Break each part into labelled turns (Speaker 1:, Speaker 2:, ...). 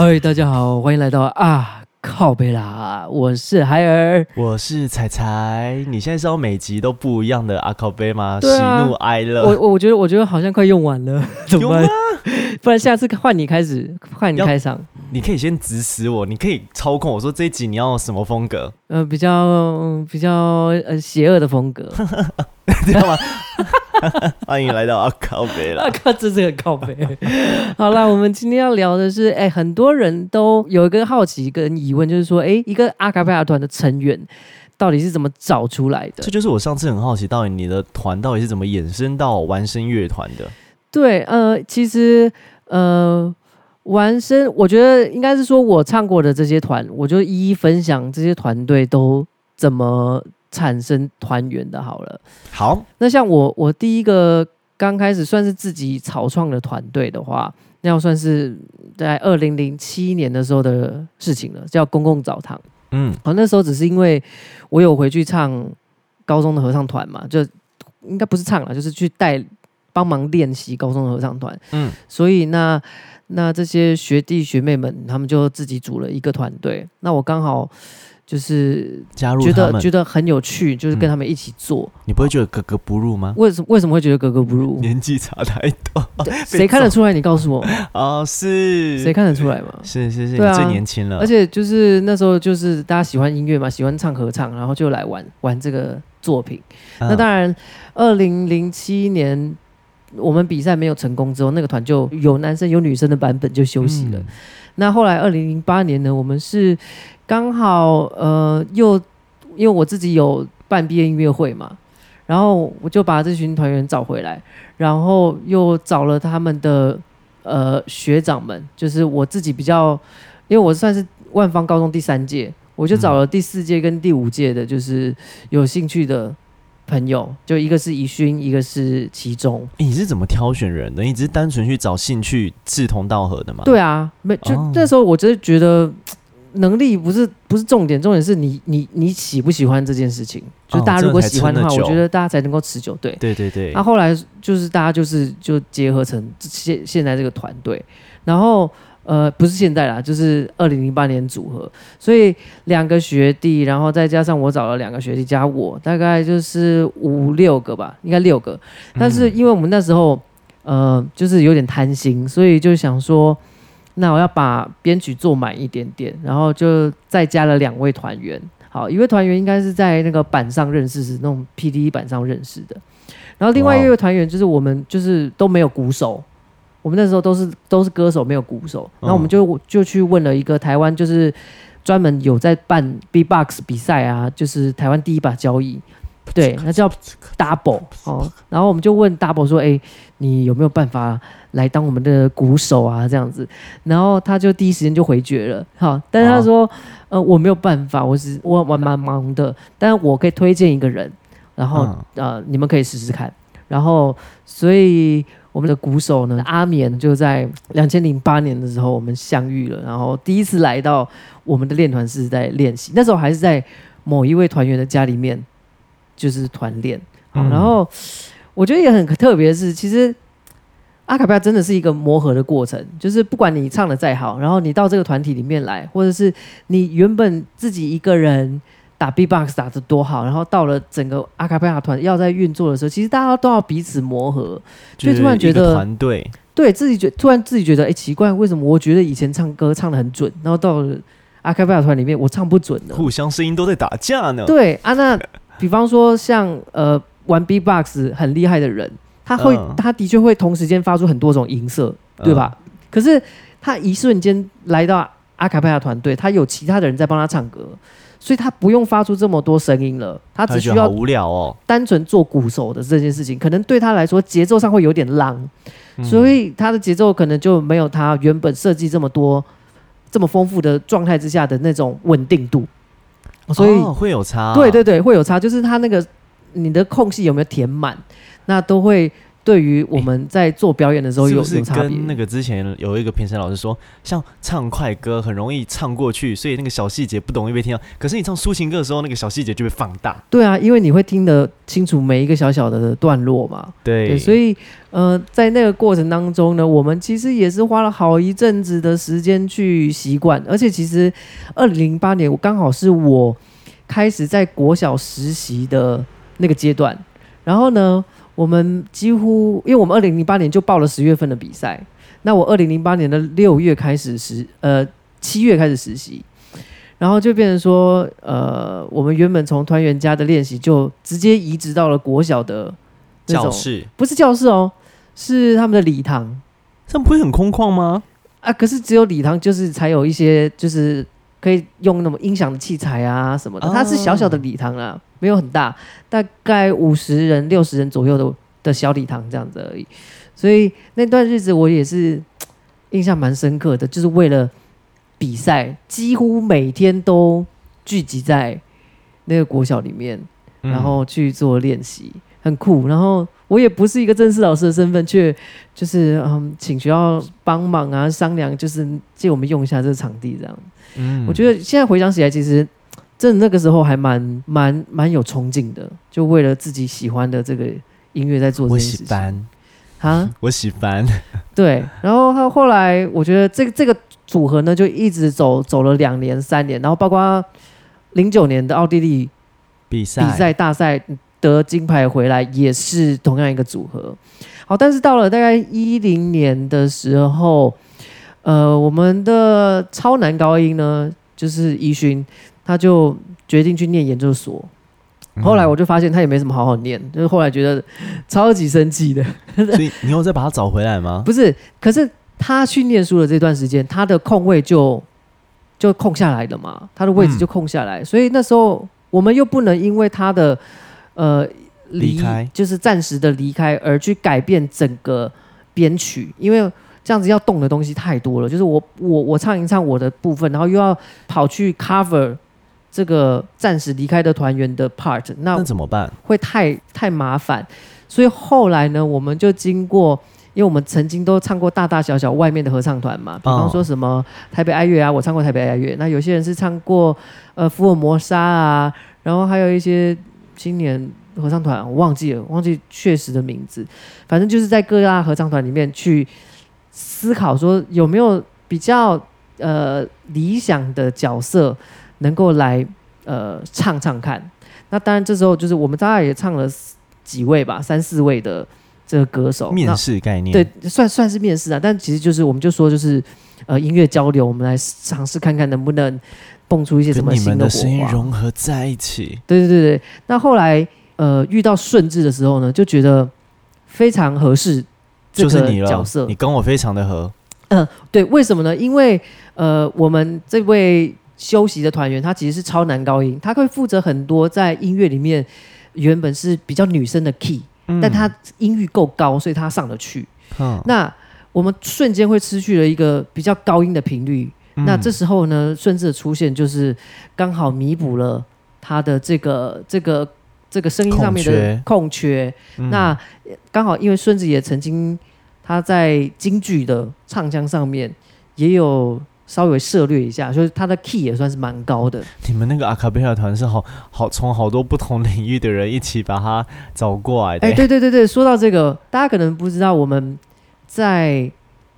Speaker 1: 嗨，大家好，歡迎來到啊靠背啦！
Speaker 2: 我是海爾，我是彩彩。你現在是要每集都不一樣的啊靠背嗎？喜怒哀樂。我我，
Speaker 1: 我覺得我覺得好像快用完了，怎麼辦？不然下次換你開始，換你開場。
Speaker 2: 你可以先指使我，你可以操控我，我說這集你要什麼風格？
Speaker 1: 呃，比較、嗯、比較呃，邪惡的風格，知 道嗎？
Speaker 2: 歡迎來到阿卡貝拉。阿、啊、卡，這是個靠北。
Speaker 1: 好了，我們今天要聊的是，哎、欸，很多人都有一個好奇跟疑問，就是說，哎、欸，一個阿卡貝拉團的成員到底是怎麼找出來的？這就是我上次很好奇，到底你
Speaker 2: 的團到底是怎麼衍生到玩聲樂團的？
Speaker 1: 對，呃，其實，呃，玩聲，我覺得應該是說我唱過的這些團，我就一一分享這些團隊都怎麼。產生團員的好了，好。那像我，我第一個剛開始算是自己草創的團隊的話，那要算是在二零零七年的時候的事情了，叫公共澡堂。嗯，好，哦，那時候只是因為我有回去唱高中的合唱團嘛，就應該不是唱了，就是去帶幫忙練習高中的合唱團。嗯，所以那那這些學弟學妹們，他們就自己組了一個團隊，那我剛好。就是加入覺得覺得很有趣，就是跟他們一起做。
Speaker 2: 嗯、你不會覺得格格不入嗎？為什麼為什麼會覺得格格不入？年紀差太多，
Speaker 1: 誰 看得出來？你告訴我
Speaker 2: 哦，是誰看得出來嗎？是是是，啊、你最年輕了。而且
Speaker 1: 就是那時候，就是大家喜歡音樂嘛，喜歡唱合唱，然後就來玩玩這個作品。嗯、那當然，二零零七年我們比賽沒有成功之後，那個團就有男生有女生的版本就休息了。嗯、那後來二零零八年呢，我們是。剛好呃，又因為我自己有辦畢業音樂會嘛，然後我就把這群團員找回來，然後又找了他們的呃學長們，就是我自己比較，因為我算是萬芳高中第三屆，我就找了第四屆跟第五屆的，就是有興趣的朋友，就一個是宜勳，一個是其中。欸、你是怎麼挑選人的？你只是單純去找興趣，
Speaker 2: 志同道合的嗎？對啊，沒就、
Speaker 1: 哦、那時候我就是覺得。能力不是不是重點，重點是你你你喜不喜歡這件事情？哦、就是、大家如果喜歡的話，我覺得大家才能夠持久。對對對對。那、啊、後來就是大家就是就結合成現現在這個團隊，然後呃不是現在啦，就是二零零八年組合，所以兩個學弟，然後再加上我找了兩個學弟加我，大概就是五六個吧，應該六個、嗯。但是因為我們那時候呃就是有點貪心，所以就想說。那我要把編曲做滿一點點，然後就再加了兩位團員。好，一位團員應該是在那個板上認識，是那種 P D 板上認識的。然後另外一位團員就是我們就是都沒有鼓手，哦、我們那時候都是都是歌手，沒有鼓手。然後我們就、哦、就去問了一個台灣，就是專門有在辦 B Box 比賽啊，就是台灣第一把交椅。對，那叫 Double 哦。然後我們就問 Double 說：“哎，你有沒有辦法來當我們的鼓手啊？這樣子。”然後他就第一時間就回絕了。哈、哦，但他說、啊：“呃，我沒有辦法，我是我我蠻忙的，但我可以推薦一個人。然後、啊、呃，你們可以試試看。然後，所以我們的鼓手呢，阿棉就在兩千零八年的時候我們相遇了。然後第一次來到我們的練團是在練習，那時候還是在某一位團員的家裡面。”就是團練、嗯，然後我覺得也很特別的是，其實阿卡貝拉真的是一個磨合的過程。就是不管你唱的再好，然後你到這個團體裡面來，或者是你原本自己一個人打 beatbox 打的多好，然後到了整個阿卡貝拉團要在運作的時候，其實大家都要彼此磨合。就是一個團隊，對，自己覺，突然自己覺得，哎，奇怪，為什麼我覺得以前唱歌唱的很準，然後到了阿卡貝拉團裡面我唱不準了？互
Speaker 2: 相聲音都在打架呢。對
Speaker 1: 啊，那。 比方說像，像呃玩 B-box 很厲害的人，他會、uh, 他的確會同時間發出很多種音色，對吧？Uh, 可是他一瞬間來到阿卡貝拉團隊，他有其他的人在幫他唱歌，所以他不用發出這麼多聲音了，他只需要哦，單純做鼓手的這件事情，可能對他來說，節奏上會有點浪，所以他的節奏可能就沒有他原本設計這麼多這麼豐富的狀態之下的那種穩定度。所以、哦、會有差，哦，對對對，會有差，就是它那個你的空隙有沒有填滿，那都會。對於我們在做表演的時候有，有、欸、是、是跟
Speaker 2: 那個之前有一個評審老師說，像唱快歌很容易唱過去，所以那個小細節不容易被聽到。可是你唱抒情歌的時候，那個小細節就被放大。
Speaker 1: 對啊，因為你會聽得清楚每一個小小的段落嘛。對，對所以呃，在那個過程當中呢，我們其實也是花了好一陣子的時間去習慣。而且其實二零零八年，我剛好是我開始在國小實習的那個階段，然後呢。我們幾乎，因為我們二零零八年就報了十月份的比賽。那我二零零八年的六月開始實，呃，七月開始實習，然後就變成說，呃，我們原本從團員家的練習就直接移植到了國小的教室，不是教室哦，是他們的禮堂。這樣不會很空曠嗎？啊，可是只有禮堂就是才有一些就是。可以用那種音響的器材啊什麼的，它是小小的禮堂啊，oh. 沒有很大，大概五十人、六十人左右的的小禮堂這樣子而已。所以那段日子我也是印象蠻深刻的，就是為了比賽，幾乎每天都聚集在那個國小裡面，然後去做練習，很酷。嗯。然後我也不是一個正式老師的身份，卻就是嗯，請學校幫忙啊，商量就是借我們用一下這個場地這樣。嗯，我覺得現在回想起來，其實，真的那個時候還蠻蠻蠻有憧憬的，就為了自己喜歡的這個音樂在做自己喜歡。哈，
Speaker 2: 我喜歡。
Speaker 1: 對，然後他後來，我覺得這個這個組合呢，就一直走走了兩年、三年，然後包括零九年的奧地利比賽比賽大賽得金牌回來，也是同樣一個組合。好，但是到了大概一零年的時候。呃，我們的超男高音呢，就是一勳，他就決定去念研究所。後來我就發現他也沒什麼好好念，嗯、就是後來覺得超級生氣的。所以你要再把他找回來嗎？ 不是，可是他去念書的這段時間，他的空位就就空下來了嘛，他的位置就空下來。嗯、所以那時候我們又不能因為他的呃離開，就是暫時的離開，而去改變整個編曲，因為。這樣子要動的東西太多了，就是我我我唱一唱我的部分，然後又要跑去 cover 這個暫時離開的團員的 part，那那怎麼辦？會太太麻煩，所以後來呢，我們就經過，因為我們曾經都唱過大大小小外面的合唱團嘛，比方說什麼台北愛樂啊，我唱過台北愛樂。那有些人是唱過呃福爾摩沙啊，然後還有一些青年合唱團，我忘記了，忘記確實的名字，反正就是在各大合唱團裡面去，思考說有沒有比較呃理想的角色能夠來呃唱唱看？那當然，這時候就是我們大概也唱了幾位吧，三四位的這個歌手。面試概念，對，算算，是面試啊，但其實就是我們就說，就是呃音樂交流，我們來嘗試看看能不能蹦出一些什麼新的聲音融合在一起。對對對對，那後來呃遇到順治的時候呢，就覺得非常合適。就是你了角
Speaker 2: 色，你跟我非常的合。嗯、
Speaker 1: 呃，對，為什麼呢？因為呃，我們這位休息的團員，他其實是超男高音，他會負責很多在音樂裡面原本是比較女生的 key，、嗯、但他音域夠高，所以他上得去。嗯，那我們瞬間會失去了一個比較高音的頻率，嗯、那這時候呢，順子的出現就是剛好彌補了他的這個這個這個聲音上面的空缺。空缺，那、嗯、剛好因為順子也曾經。他在京劇的唱腔上面也有稍微涉略一下，所以他的 key 也算是蠻高的、嗯。
Speaker 2: 你們那個阿卡貝拉團是好好從好多不同領域的人一起把他找過來的。哎，對對
Speaker 1: 對對，說到這個，大家可能不知道，我們在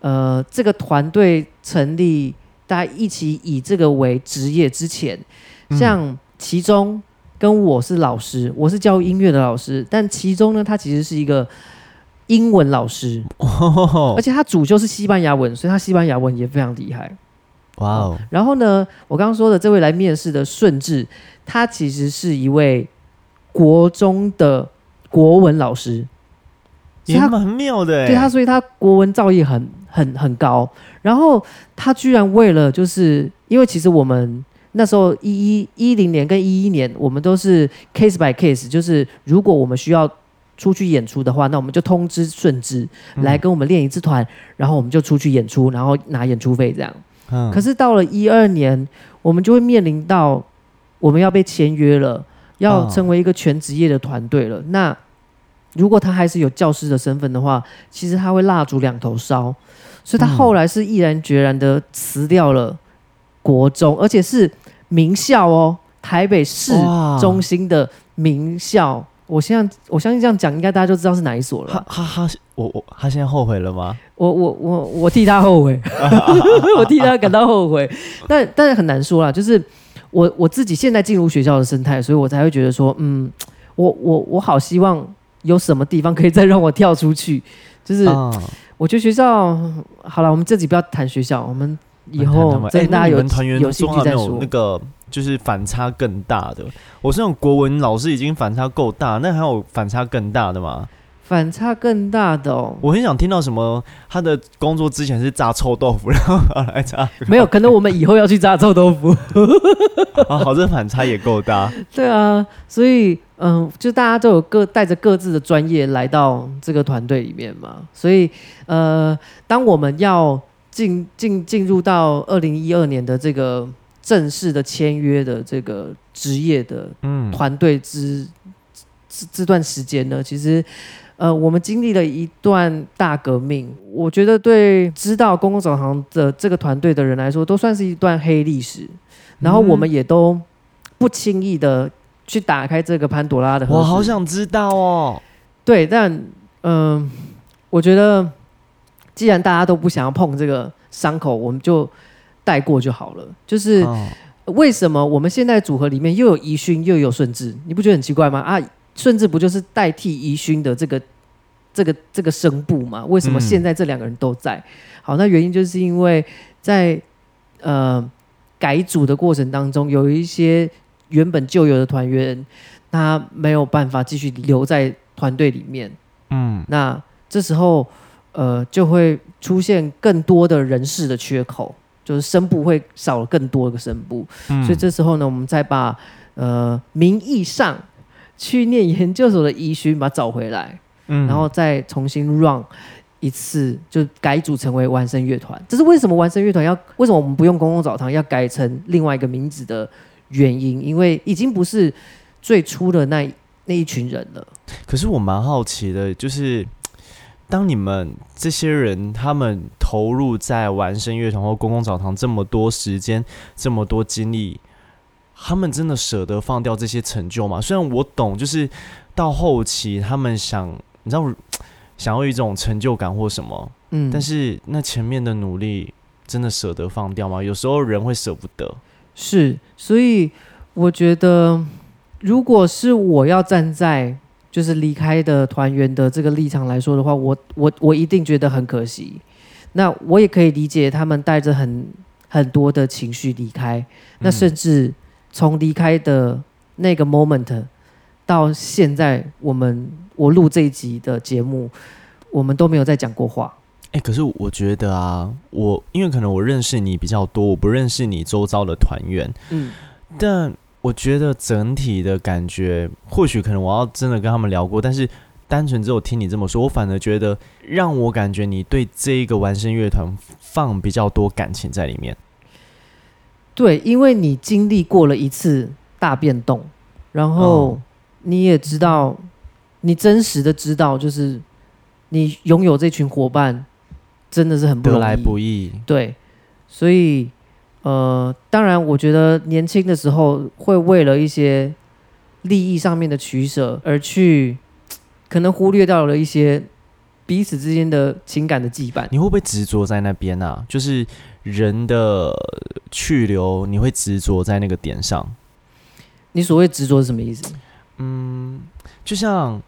Speaker 1: 呃這個團隊成立，大家一起以這個為職業之前，像其中跟我是老師，我是教音樂的老師，但其中呢，他其實是一個。英文老師，oh. 而且他主修是西班牙文，所以他西班牙文也非常厲害。哇、wow. 哦、嗯！然後呢，我剛剛說的這位來面試的順治，他其實是一位國中的國文老師，其實他們很妙的，對他，所以他國文造詣很很很高。然後他居然為了，就是因為其實我們那時候一一一零年跟一一年，我們都是 case by case，就是如果我們需要。出去演出的話，那我們就通知順治來跟我們練一次團、嗯，然後我們就出去演出，然後拿演出費這樣。嗯、可是到了一二年，我們就會面臨到我們要被簽約了，要成為一個全職業的團隊了、哦。那如果他還是有教師的身份的話，其實他會蠟燭兩頭燒，所以他後來是毅然決然的辭掉了國中，嗯、而且是名校哦，台北市中心的名校。我現在我相信這樣講，應該大家就知道是哪一所了。他他他，我
Speaker 2: 我他現在後悔了嗎？
Speaker 1: 我我我我替他後悔，啊啊啊啊啊啊啊 我替他感到後悔。啊啊啊但但是很難說啦，就是我我自己現在進入學校的生態，所以我才會覺得說，嗯，我我我好希望有什麼地方可以再讓我跳出去。就是、啊、我覺得學校好了，我們自己不要談學校，我們以後再跟大家有團、欸、員有說話沒有那
Speaker 2: 個。就是反差更大的，我是那種國文老師已經反差夠大，那還有反差更大的嗎？反差更大的哦，我很想聽到什麼他的工作之前是炸臭豆腐，然後來炸沒
Speaker 1: 有？可能我們以後
Speaker 2: 要去炸臭豆腐， 好,好，這反差也夠大。
Speaker 1: 對啊，所以嗯、呃，就大家都有各帶着各自的專業來到這個團隊裡面嘛，所以呃，當我們要進進進入到二零一二年的這個。正式的簽約的這個職業的團隊之這、嗯、這段時間呢，其實呃，我們經歷了一段大革命。我覺得對知道公共總行的這個團隊的人來說，都算是一段黑歷史。
Speaker 2: 嗯、然後我們
Speaker 1: 也都不輕易的去打開這個潘朵拉的。我好想知道哦。對，但嗯、呃，我覺得既然大家都不想要碰這個傷口，我們就。帶過就好了，就是為什麼我們現在組合裡面又有宜勳又有順治，你不覺得很奇怪嗎？啊，順治不就是代替宜勳的這個這個這個聲部嗎？為什麼現在這兩個人都在？嗯、好，那原因就是因為在呃改組的過程當中，有一些原本就有的團員他沒有辦法繼續留在團隊裡面，嗯，那這時候呃就會出現更多的人事的缺口。就是聲部會少了更多的聲部，嗯、所以這時候呢，我們再把呃名義上去念研究所的遺訓把它找回來，嗯，然後再重新 run 一次，就改組成為完聲樂團。這是為什麼完聲樂團要為什麼我們不用公共澡堂，要改成另外一個名字的原因？因為已經不是最初的那那一群人了。可是我蠻好
Speaker 2: 奇的，就是。當你們這些人他們投入在玩聲樂團或公共澡堂這麼多時間、這麼多精力，他們真的捨得放掉這些成就嗎？雖然我懂，就是到後期他們想，你知道，想要一種成就感或什麼，嗯，但是那前面的努力真的捨得放掉嗎？有時候人會捨不得。
Speaker 1: 是，所以我覺得，如果是我要站在。就是離開的團員的這個立場來說的話，我我我一定覺得很可惜。那我也可以理解他們帶着很很多的情緒離開。那甚至從離開的那個 moment 到現在我，我們我錄這一集的節目，我們都沒有再講過話。
Speaker 2: 哎、欸，可是我覺得啊，我因為可能我認識你比較多，我不認識你周遭的團員。
Speaker 1: 嗯，但。嗯
Speaker 2: 我覺得整體的感覺，或許可能我要真的跟他們聊過，但是單純只有聽你這麼說，我反而覺得讓我感覺你對這一個玩聲樂團放比較多感情在裡面。
Speaker 1: 對，因為你經歷過了一次大變動，然後你也知道，嗯、你真實的知道，就是你擁有這群夥伴真的是很不容易，得來不易。對，所以。呃，當然，我覺得年輕的時候會為了一些利益上面的取舍而去，可能忽略到了一些彼此之間的情感的羈絆。你會不會執着在那邊啊？
Speaker 2: 就是人的去留，你會執着在那個點上？
Speaker 1: 你所謂執着是什麼意思？嗯，
Speaker 2: 就像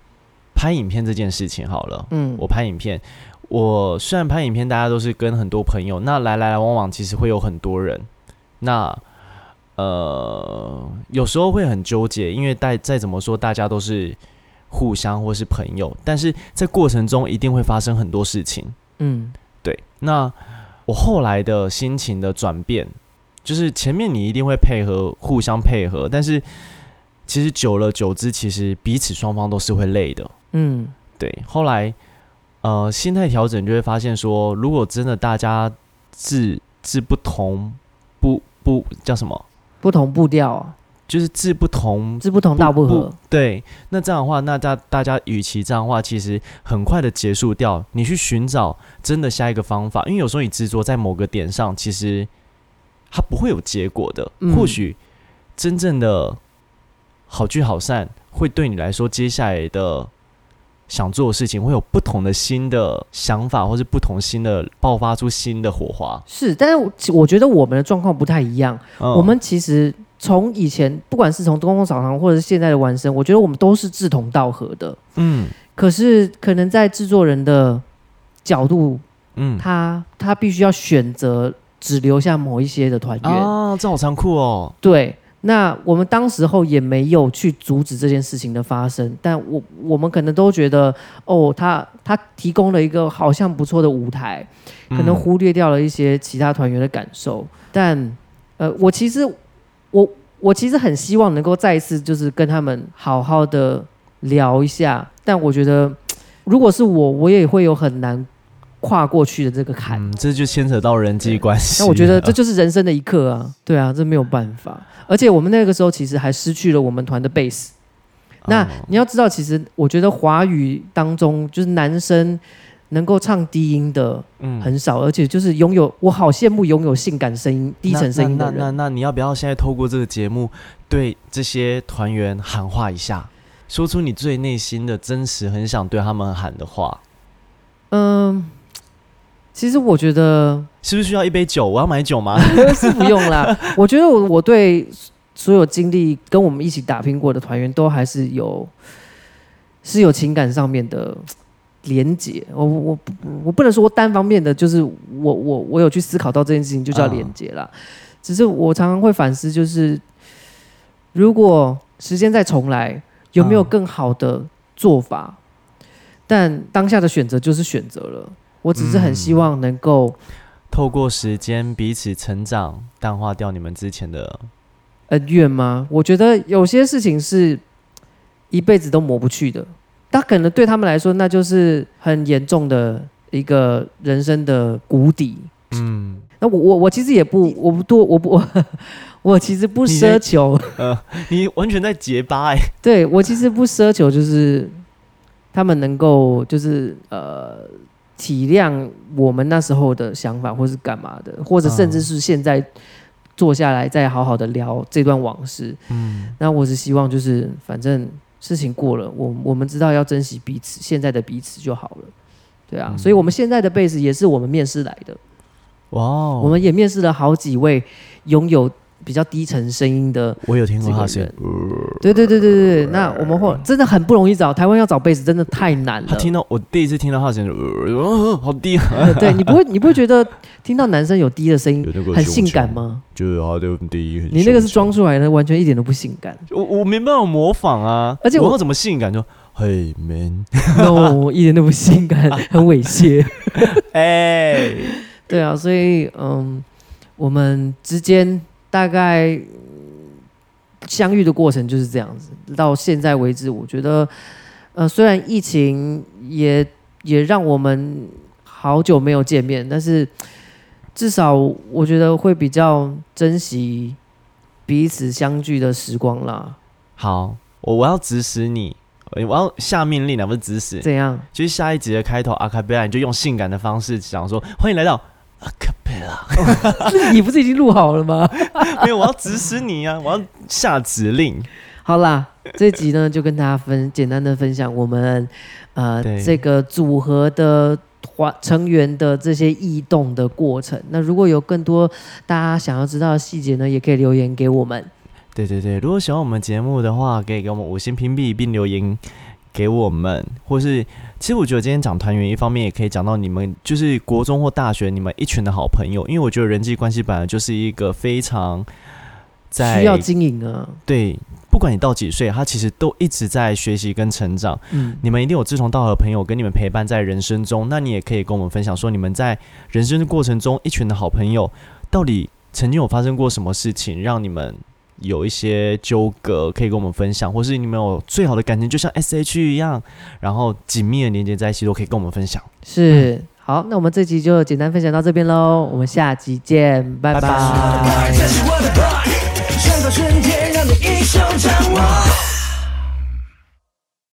Speaker 2: 拍影片這件事情好了，嗯，我拍影片。我雖然拍影片，大家都是跟很多朋友，那來來往往，其實會有很多人。那呃，有時候會很糾結，因為再再怎麼說，大家都是互相或是朋友，但是在過程中一定會發生很多事情。
Speaker 1: 嗯，
Speaker 2: 對。那我後來的心情的轉變，就是前面你一定會配合，互相配合，但是其實久了久之，其實彼此雙方都是會累的。嗯，對。後來。呃，心態調整就會發現說，如果真的大家志志不同，不不叫什麼
Speaker 1: 不同步調啊，
Speaker 2: 就是志不同，志不同道不合不。對，那這樣的話，那大家大家與其這樣的話，其實很快的結束掉，你去尋找真的下一個方法。因為有時候你執着在某個點上，其實它不會有結果的。嗯，或許真正的好聚好散，會對你來說，接下來的想做的事情會有不同的新的想法，或是不同新的爆發出新的火花。
Speaker 1: 是，但是我覺得我們的狀況不太一樣。嗯。我們其實從以前，不管是從公共澡堂，或者是現在的完成，我覺得我們都是志同道合的。嗯。可是可能在制作人的角度，嗯，他他必須要選擇只留下某一些的團員
Speaker 2: 啊，這好殘酷哦！
Speaker 1: 對。那我們當時候也沒有去阻止這件事情的發生，但我我們可能都覺得，哦，他他提供了一個好像不錯的舞台，
Speaker 2: 可能忽
Speaker 1: 略掉了一些其他團員的感受，但呃，我其實我我其實很希望能夠再一次就是跟他們好好的聊一下，但我覺得如果是我，我也會有很難過。跨過去的這個坎，嗯，
Speaker 2: 這就牽扯到人際關係。那我覺得這就是
Speaker 1: 人生的一刻啊，對啊，這沒有辦法。而且我們那個時候其實還失去了我們團的 bass。那、嗯、你要知道，其實我覺得華語當中就是男生能夠唱低音的很少，嗯、而且就是擁有我好羨慕擁有性感聲音、低沉聲音的人。那那，那，那，那，你要不要現在透過這個節目對
Speaker 2: 這些團員喊話一下，說出你最內心的真實，很想對他們喊的話？
Speaker 1: 嗯。其實我覺得，是不是
Speaker 2: 需要一杯酒？我要買酒嗎？
Speaker 1: 是不用啦。我覺得我對所有經歷跟我們一起打拼過的團員，都還是有是有情感上面的連結。我我我不能說單方面的，就是我我我有去思考到這件事情，就叫連結啦。Uh. 只是我常常會反思，就是如果時間再重來，有沒有更好的做法？Uh. 但當下的選擇就是選擇了。我只是很希望能夠、嗯、透過
Speaker 2: 時間彼此成長，淡化掉你們之前的恩怨嗎？
Speaker 1: 我覺得有些事情是一輩子都抹不去的。但可能對他們來說，那就是很嚴重的一個人生的谷底。嗯，那我我我其實也不我不多我不我，我其實不奢求。 呃，
Speaker 2: 你完全在結巴哎、欸。
Speaker 1: 對，我其實不奢求，就是他們能夠就是呃。體諒我們那時候的想法，或是幹嘛的，或者甚至是現在坐下來再好好的聊這段往事。嗯，那我是希望就是反正事情過了，我，我們知道要珍惜彼此，現在的彼此就好了。對啊，嗯，所以我們現在的貝斯也是我們面試來的。哇哦，我們也面試了好幾位擁有。比較低沉聲音的，我有聽過他聲，對對對對對。那我們會真的很不容易找，台灣要找貝斯，真的太難了。他聽
Speaker 2: 到我第一次聽到他聲就、哦，好低。對，你不會，
Speaker 1: 你不會覺得聽到男生有低的聲音，很性感嗎？
Speaker 2: 就是好低，
Speaker 1: 你那個是裝出來的，完全一點都不性感。我我沒辦法模
Speaker 2: 仿啊，而且我，我，我怎麼性感就嘿、hey, man，那、
Speaker 1: no, 我 一點都不性感，很猥褻。哎 Hey .， 對啊，所以嗯，我們之間。大概相遇的過程就是這樣子。到現在為止，我覺得，呃，雖然疫情也也讓我們好久沒有見面，但是至少我覺得會比較珍惜彼此相聚的時光啦。
Speaker 2: 好，我我要指使你，我要下命令，不是指使。怎樣？就是下一集的開頭，阿卡貝拉你就用性感的方式講說：“歡迎來到阿、啊
Speaker 1: 你 不是已經錄好了嗎？
Speaker 2: 沒有，我要指使你啊。我要下指
Speaker 1: 令。 好啦，這集呢，就跟大家分 簡單的分享我們呃，這個組合的團成員的這些異動的過程。那如果有更多大家想要知道的細節呢，也可以留言給我們。對對對，如果
Speaker 2: 喜歡我們節目的話，可以給我們五星屏蔽，並留言。給我們，或是其實我覺得今天講團員，一方面也可以講到你們，就是國中或大學你們一群的好朋友，因為我覺得人際關係本來就是一個非常在需要經營的、啊。對，不管你到幾歲，他其實都一直在學習跟成長。嗯，你們一定有志同道合的朋友跟你們陪伴在人生中，那你也可以跟我們分享說，你們在人生的過程中一群的好朋友，到底曾經有發生過什麼事情讓你們？有一些糾葛可以跟我們分享，或是你們有最好的感情，就像 SH 一樣，然後緊密的連接在一起，都可以跟我們分享。
Speaker 1: 是、嗯、好，那我們這集就簡單分享到這邊嘍，我們下集見，拜、嗯、拜。Bye bye